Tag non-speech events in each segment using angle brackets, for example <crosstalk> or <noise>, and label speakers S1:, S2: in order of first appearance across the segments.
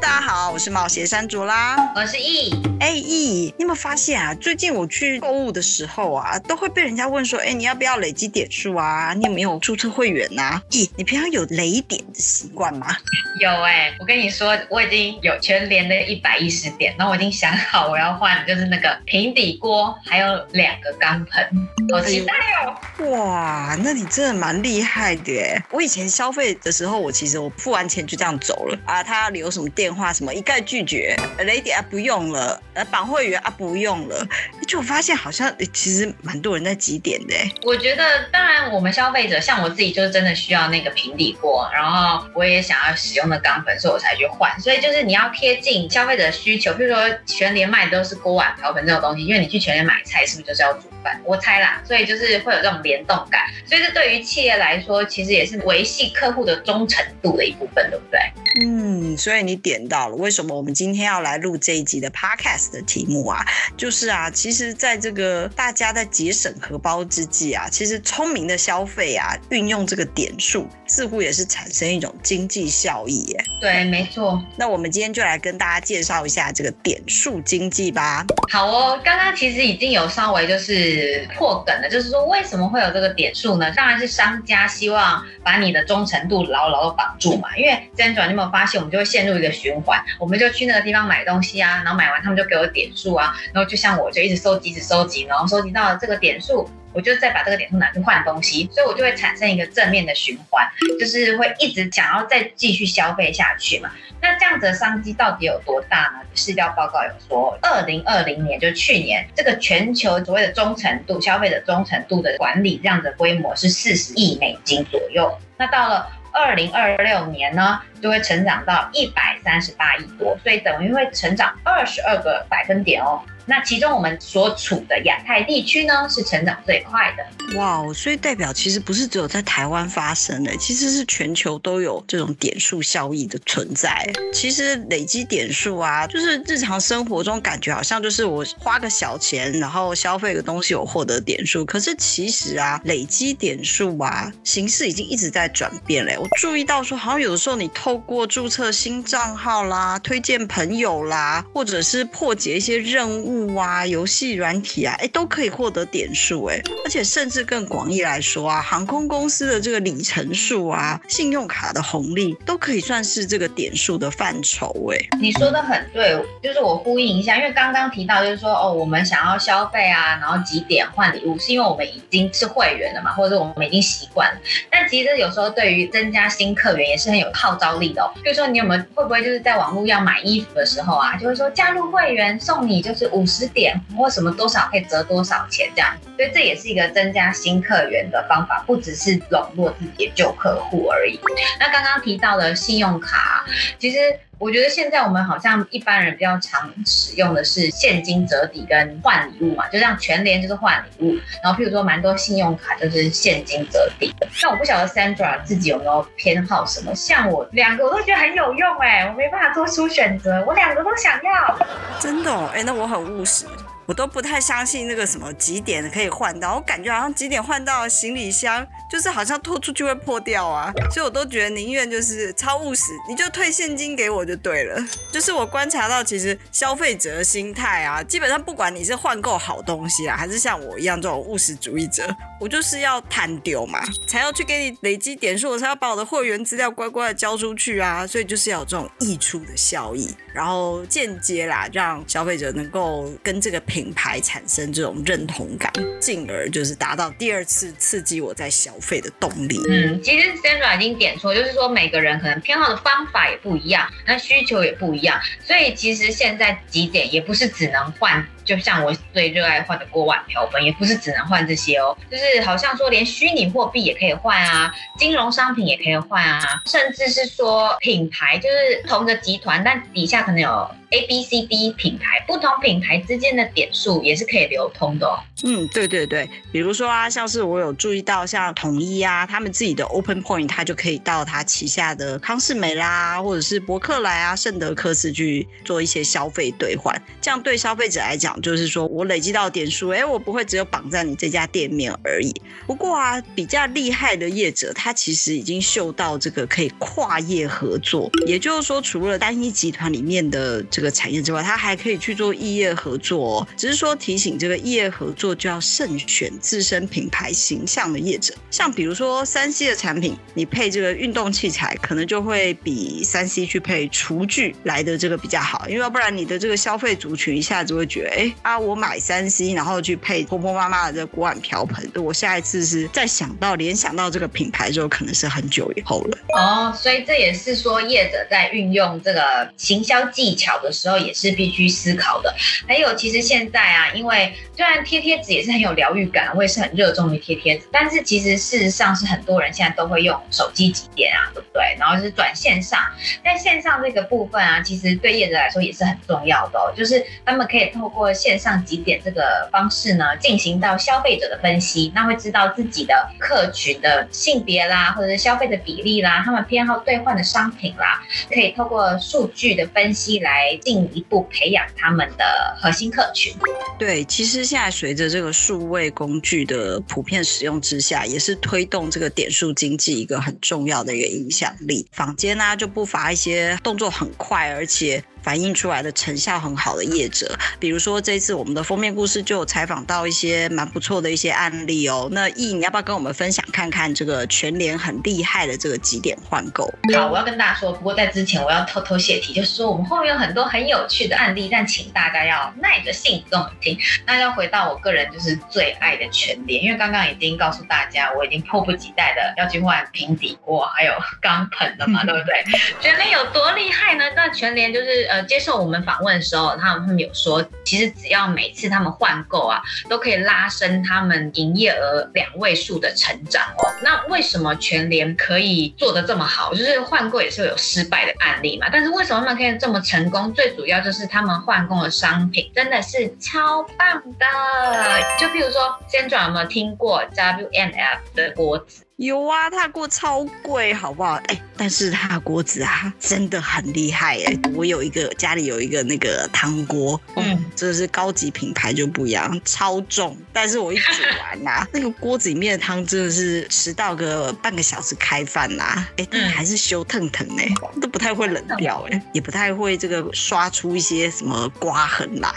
S1: 大家好，我是冒險山竹啦，我是 E，哎、欸、E，你有沒有發現啊？最近我去購物的時候啊，都會被人家問說，哎、欸，你要不要累積點數啊？你有沒有註冊會員啊 e、欸、你平常有累點的習慣嗎？
S2: 有，哎、欸，我跟你說，我已經有全聯的一百一十點，那我已經想好我要換，就是那個平底鍋，還有兩個鋼盆，好期
S1: 待哦、喔嗯！哇，那你真的蠻厲害的、欸、我以前消費的時候，我其實我付完錢就這樣走了啊，他要留什麼電話什麼，一概拒絕，雷迪啊，不用了。綁、啊、會員啊，不用了。就發現好像、欸、其實蠻多人在集點的、欸。
S2: 我覺得當然我們消費者像我自己，就真的需要那個平底鍋，然後我也想要使用的鋼盆，所以我才去換。所以就是你要貼近消費者的需求，比如說全聯賣的都是鍋碗瓢盆這種東西，因為你去全聯買菜，是不是就是要煮飯？我猜啦。所以就是會有這種聯動感。所以這對於企業來說，其實也是維繫客戶的忠誠度的一
S1: 部分，對不對？嗯，所以你點到了。為什麼我們今天要來錄這一集的 Podcast？的題目啊，就是啊，其實在這個大家在節省荷包之際啊，其實聰明的消費啊，運用這個點數，似乎也是產生一種經濟效益耶。對，沒錯。那我們今天就來跟大家介紹一下這個點數經濟吧。好哦，剛剛
S2: 其實已經有稍微就是破梗了，就是說為什麼會有這個點數呢？當然是商家希望把你的忠誠度牢牢的綁住嘛。因為之前轉，你有沒有發現我們就會陷入一個循環，我們就去那個地方買東西啊，然後買完他們就。給我點數啊，然後就像我就一直收集，一直收集，然後收集到了這個點數，我就再把這個點數拿去換東西，所以我就會產生一個正面的循環，就是會一直想要再繼續消費下去嘛。那這樣子的商機到底有多大呢？市調報告有說，二零二零年就去年，這個全球所謂的忠誠度、消費者忠誠度的管理這樣的規模是四十億美金左右。那到了二零二六年呢？就會成長到一百三十八億多，所以等於會成長二十二個百分點哦。那其中我們所處的亞太地區呢，是成長最快的。
S1: 哇，Wow，所以代表其實不是只有在台灣發生的，其實是全球都有這種點數效益的存在。其實累積點數啊，就是日常生活中感覺好像就是我花個小錢，然後消費個東西，我獲得點數。可是其實啊，累積點數啊，形式已經一直在轉變了，我注意到說，好像有的時候你透。透過註冊新賬號啦、推薦朋友啦，或者是破解一些任務啊、遊戲軟體啊，哎、欸，都可以獲得點數哎、欸。而且甚至更廣義來說啊，航空公司的這個里程數啊、信用卡的紅利，都可以算是這個點數的範疇哎。你說
S2: 得很對，就是我呼應一下，因為剛剛提到就是說哦，我們想要消費啊，然後積點換禮物，是因為我們已經是會員了嘛，或者我們已經習慣了。但其實有時候對於增加新客源也是很有號召的。例如說，你有沒有會不會就是在網絡要買衣服的時候啊，就會說加入會員送你就是五十點或什麼多少可以折多少錢這樣，所以這也是一個增加新客源的方法，不只是籠絡自己的舊客戶而已。那剛剛提到的信用卡，其實。我覺得現在我們好像一般人比較常使用的是現金折抵跟換禮物嘛，就像全聯就是換禮物，然後譬如說蠻多信用卡就是現金折抵。但我不曉得 Sandra 自己有沒有偏好什麼，像
S1: 我兩個我都覺得很有用哎、欸，我沒辦法做出選擇，我兩個都想要。真的哦，哎，那我很務實。我都不太相信那個什麼集點可以換到，我感覺好像集點換到行李箱，就是好像拖出去會破掉啊，所以我都覺得寧願就是超務實，你就退現金給我就對了。就是我觀察到，其實消費者心態啊，基本上不管你是換購好東西啊，還是像我一樣這種務實主義者，我就是要貪丟嘛，才要去給你累積點數，我才要把我的會員資料乖乖的交出去啊，所以就是要有這種溢出的效益，然後間接啦，讓消費者能夠跟這個品牌產生這種認同感，進而就是達到第二次刺激我在消費的動力。嗯，其
S2: 實 Sandra 已經點錯，就是說每個人可能偏好的方法也不一樣，那需求也不一樣，所以其實現在集點也不是只能換。就像我最熱愛換的鍋碗瓢盆，也不是只能換這些哦，就是好像說連虛擬貨幣也可以換啊，金融商品也可以換啊，甚至是說品牌，就是同一個集團，但底下可能有 A B C D 品牌，不同品牌之間的點數也是可以流通的
S1: 哦。嗯，對對對，比如說啊，像是我有注意到，像統一啊，他們自己的 Open Point 它就可以到他旗下的康是美啦，或者是博客來啊、聖德科斯去做一些消費兌換，這樣對消費者來講。就是說我累積到點數，哎，我不會只有綁在你這家店面而已。不過啊，比較厲害的業者，他其實已經嗅到這個可以跨業合作。也就是說，除了單一集團裡面的這個產業之外，他還可以去做異業合作哦。只是說提醒這個異業合作就要慎選自身品牌形象的業者，像比如說三 C 的產品，你配這個運動器材，可能就會比三 C 去配廚具來的這個比較好，因為要不然你的這個消費族群一下子會覺得。哎啊，我買 3C，然後去配婆婆媽媽的這鍋碗瓢盆。我下一次是再想到聯想到這個品牌之後，可能是很久以後
S2: 了。哦，所以這也是說業者在運用這個行銷技巧的時候，也是必須思考的。還有，其實現在啊，因為雖然貼貼紙也是很有療癒感，我也是很熱衷於貼貼紙，但是其實事實上是很多人現在都會用手機集點啊，對不對？然後是轉線上，但線上這個部分啊，其實對業者來說也是很重要的哦，就是他們可以透過。線上集點這個方式呢，進行到消費者的分析，那會知道自己的客群的性別啦，或者是消費的比例啦，他們偏好兌換的商品啦，可以透過數據的分析來進一步培養他們
S1: 的核心客群。對，其實現在隨着這個數位工具的普遍使用之下，也是推動這個點數經濟一個很重要的一個影響力。坊間呢、啊、就不乏一些動作很快，而且。反映出來的成效很好的業者，比如說這次我們的封面故事就有採訪到一些蠻不錯的一些案例哦。那易你要不要跟我們分享看看這個全聯很厲害的這個集點換購？嗯、好，我
S2: 要跟大家說，不過在之前我要偷偷泄題，就是說我們後面有很多很有趣的案例，但請大家要耐着性子跟我們聽。那要回到我個人就是最愛的全聯，因為剛剛已經告訴大家，我已經迫不及待的要去換平底鍋還有鋼盆了嘛，對不對？全、嗯、聯有多厲害呢？那全聯就是。呃，接受我們訪問的時候，他們他們有說，其實只要每次他們換購啊，都可以拉升他們營業額兩位數的成長哦。那為什麼全聯可以做得這麼好？就是換購也是會有失敗的案例嘛。但是為什麼他們可以這麼成功？最主要就是他們換購的商品真的是超棒的。就比如說，先轉有沒有聽過 WMF 的鍋子？
S1: 有啊，他的鍋超貴，好不好？哎、欸，但是它的鍋子啊，真的很厲害哎、欸。我有一個家裡有一個那個湯鍋，嗯，真的是高級品牌就不一樣，超重。但是我一煮完吶、啊， <laughs> 那個鍋子裡面的湯真的是遲到個半個小時開飯吶、啊，哎、欸，但是還是修騰騰哎，都不太會冷掉哎、欸，也不太會這個刷出一些什麼刮痕來。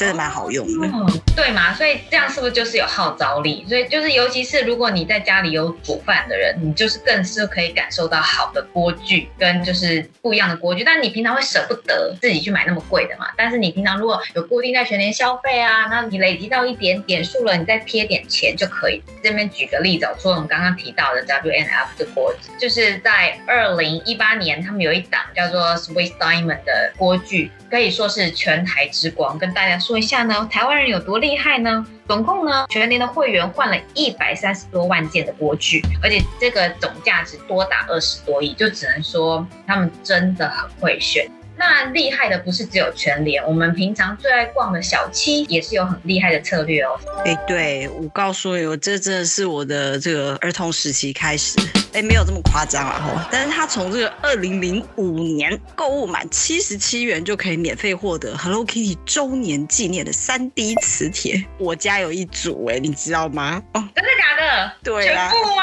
S1: 真的蠻好用的。嗯，
S2: 對嘛？所以這樣是不是就是有號召力？所以就是，尤其是如果你在家裡有煮飯的人，你就是更是可以感受到好的鍋具跟就是不一樣的鍋具。但你平常會舍不得自己去買那麼貴的嘛？但是你平常如果有固定在全聯消費啊，那你累積到一點點數了，你再貼點錢就可以。這邊舉個例子，除了我們剛剛提到的 W N F 的鍋具，就是在二零一八年，他們有一檔叫做 Swiss Diamond 的鍋具，可以說是全台之光，跟大家說。說一下呢，台灣人有多厲害呢？總共呢，全年的會員換了一百三十多萬件的鍋具，而且這個總價值多達二十多億，就只能說他們真的很會選。那厲害的不是只有全聯，我們平常最愛逛的小七也是有很厲害
S1: 的策略哦。哎、欸，對，我告訴你，我這真的是我的這個兒童時期開始，哎、欸，沒有這麼誇張啊，但是他從這個二零零五年購物滿七十七元就可以免費獲得 Hello Kitty 周年紀念的三 D 磁鐵，我家有一組、欸，哎，你知道嗎？哦，真
S2: 的假的？對，全部嗎？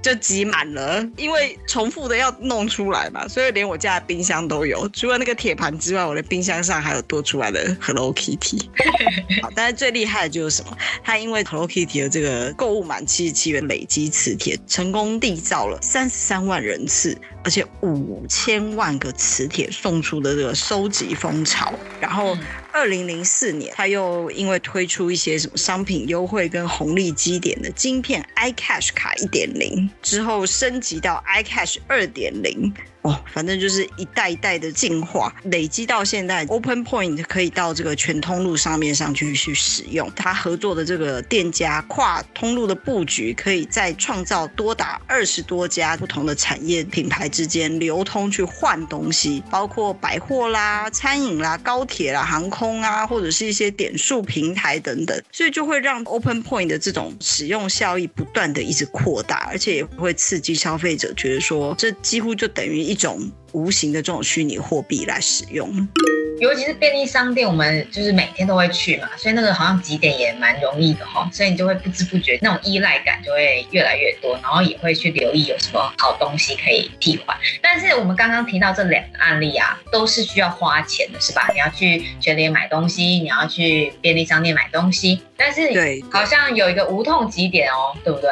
S1: 就集滿了，因為重複的要弄出來嘛，所以連我家的冰箱都有，除了那個一個鐵盤之外，我的冰箱上還有多出來的 Hello Kitty。 <laughs> 好，但是最厲害的就是什麼？它因為 Hello Kitty 的這個購物滿七十七元累積磁鐵，成功締造了三十三萬人次，而且五千萬個磁鐵送出的這個收集風潮。然後，二零零四年，它又因為推出一些什麼商品優惠跟紅利積點的晶片 iCash 卡一點零，之後升級到 iCash 二點零。哦、反正就是一代一代的進化，累積到現在，Open Point 可以到這個全通路上面上去去使用。它合作的這個店家跨通路的布局，可以再創造多達二十多家不同的產業品牌之間流通去換東西，包括百貨啦、餐飲啦、高鐵啦、航空啊，或者是一些點數平台等等。所以就會讓 Open Point 的這種使用效益不斷的一直擴大，而且也會刺激消費者覺得說，這幾乎就等於一。種無形的這種虛擬貨幣來使用，
S2: 尤其是便利商店，我們就是每天都會去嘛，所以那個好像集點也蠻容易的哦。所以你就會不知不覺那種依賴感就會越來越多，然後也會去留意有什麼好東西可以替換。但是我們剛剛提到這兩個案例啊，都是需要花錢的，是吧？你要去全聯買東西，
S1: 你要去便利商店買東西，但是對，好像有一個無痛集點哦、喔，對不對？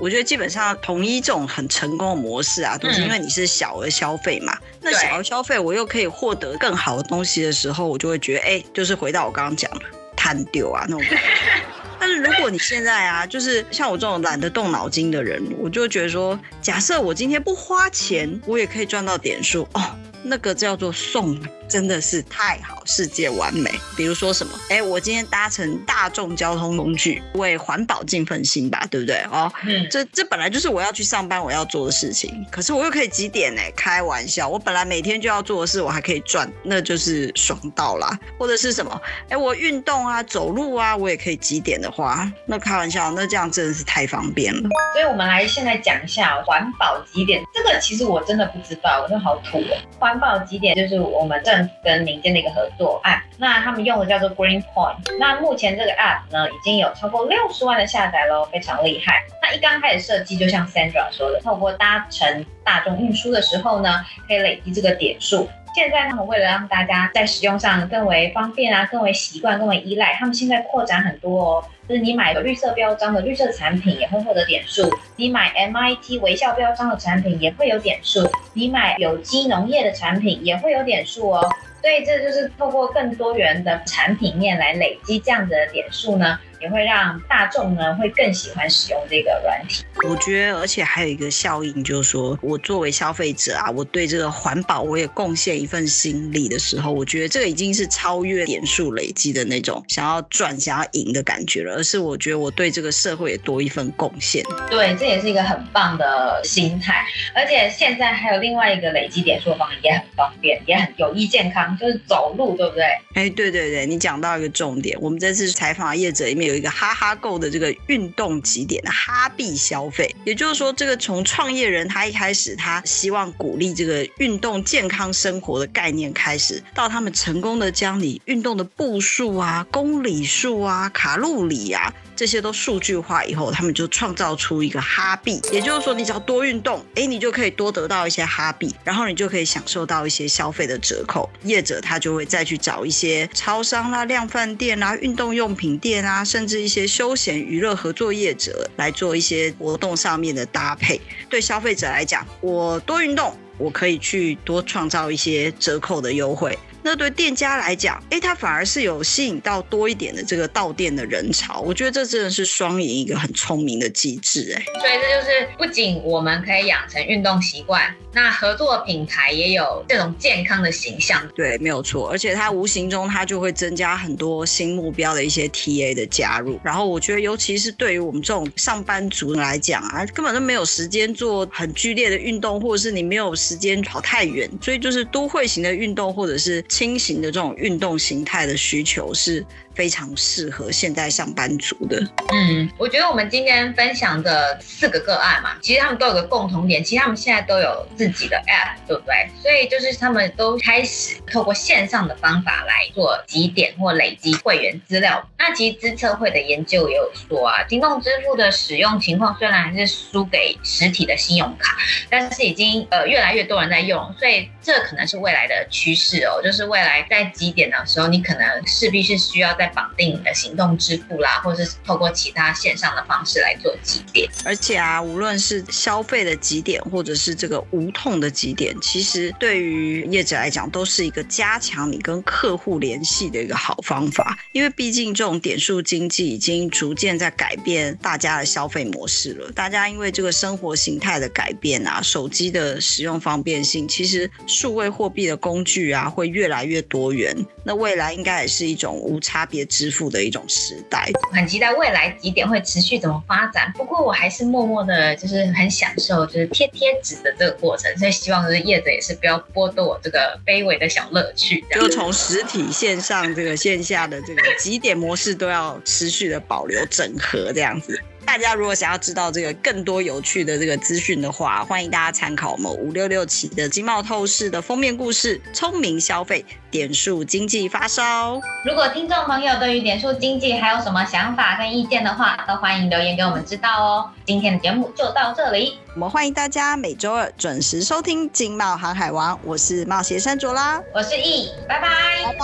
S1: 我覺得基本上，統一這種很成功的模式啊，都是、嗯、因為你是小額消費嘛。那小額消費，我又可以獲得更好的東西的時候，我就會覺得，哎，就是回到我剛剛講的貪丟啊那種感覺。 <laughs> 但是如果你現在啊，就是像我這種懶得動腦筋的人，我就會覺得說，假設我今天不花錢，我也可以賺到點數哦，那個叫做送。真的是太好，世界完美。比如說什麼？哎，我今天搭乘大眾交通工具為環保盡份心吧，對不對？哦，嗯、這這本來就是我要去上班，我要做的事情，可是我又可以集點呢？開玩笑，我本來每天就要做的事，我還可以賺，那就是爽到啦。或者是什麼？哎，我運動啊，走路啊，我也可以集點的話，那開玩笑，那這樣真的是太方便了。所
S2: 以我們來現在講一下環保集點，這個其實我真的不知道，我就好土哦。環保集點就是我們在，跟民間的一個合作案，啊，那他們用的叫做 Green Point。那目前這個 App 呢已經有超過六十萬的下載嘍，非常厲害。那一剛開始設計，就像 Sandra 說的，透過搭乘大眾運輸的時候呢，可以累積這個點數。現在他們為了讓大家在使用上更為方便啊，更為習慣，更為依賴，他們現在擴展很多哦。就是你買綠色標章的綠色產品也會獲得點數，你買 MIT 微笑標章的產品也會有點數，你買有機農業的產品也會有點數哦。所以這就是透過更多元的產品面來累積這樣的點數呢。也會讓大眾呢會更喜歡使用這個
S1: 軟體。我覺得，而且還有一個效應，就是說我作為消費者啊，我對這個環保我也貢獻一份心力的時候，我覺得這個已經是超越點數累積的那種想要賺、想要贏的感覺了，而是我覺得我對這個社會也多一份貢獻。
S2: 對，這也是一個很棒的心態。而且現在還有另外一個累積點數方法也很方便，也很有益健康，就是走路，對不對？
S1: 哎、欸，對對對，你講到一個重點。我們這次採訪的業者裡面。有一個哈哈購的這個運動集點的哈幣消費，也就是說，這個從創業人他一開始他希望鼓勵這個運動健康生活的概念開始，到他們成功的將你運動的步數啊、公里數啊、卡路里啊這些都數據化以後，他們就創造出一個哈幣。也就是說，你只要多運動，哎，你就可以多得到一些哈幣，然後你就可以享受到一些消費的折扣。業者他就會再去找一些超商啦、啊、量販店啊、運動用品店啊，甚至一些休閒娛樂合作業者來做一些活動上面的搭配，對消費者來講，我多運動，我可以去多創造一些折扣的優惠。這對店家來講，哎、欸，他反而是有吸引到多一點的這個到店的人潮。我覺得這真的是雙贏一個很聰明的機制，欸，哎，
S2: 所以這就是不僅我們可以養成運動習慣，那合作品牌也有這種健康的形象。
S1: 對，沒有錯，而且它無形中它就會增加很多新目標的一些 TA 的加入。然後我覺得，尤其是對於我們這種上班族來講啊，根本都沒有時間做很劇烈的運動，或者是你沒有時間跑太遠，所以就是都會型的運動或者是。新型的這種運動形態的需求是。非常適合現在上班族的。
S2: 嗯，我覺得我們今天分享的四個個個案嘛，其實他們都有個共同點，其實他們現在都有自己的 App，對不對？所以就是他們都開始透過線上的方法來做集點或累積會員資料。那其實資策會的研究也有說啊，行動支付的使用情況雖然還是輸給實體的信用卡，但是已經呃越來越多人在用，所以這可能是未來的趨勢哦。就是未來在集點的時候，你可能勢必是需要在綁定你的行動支付啦，或者是透過其他線上的方式來做集
S1: 點。而且啊，無論是消費的集點，或者是這個無痛的集點，其實對於業者來講，都是一個加強你跟客戶聯繫的一個好方法。因為畢竟這種點數經濟已經逐漸在改變大家的消費模式了。大家因為這個生活形態的改變啊，手機的使用方便性，其實數位貨幣的工具啊，會越來越多元。那未來應該也是一種無差別。支付的一種時代，
S2: 很期待未來集點會持續怎麼發展。不過我還是默默的，就是很享受，就是貼貼紙的這個過程。所以希望就是業者也是不要剝奪我這個卑微的小樂
S1: 趣。就從實體線上這個線下的這個集點模式都要持續的保留整合，這樣子。大家如果想要知道這個更多有趣的這個資訊的話，歡迎大家參考我們五六六期的《經貿透視》的封面故事《聰明消費》，點數經濟發燒。
S2: 如果聽眾朋友對於點數經濟還有什麼想法跟意見的話，都歡迎留言給我們知道哦。
S1: 今天的節目
S2: 就到這裡，
S1: 我們歡迎大家每週二準時收聽《經貿航海王》我，我是貿協山卓拉，我是易，拜拜拜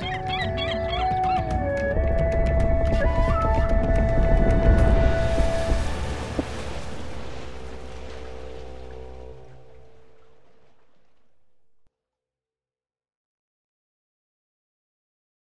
S1: 拜。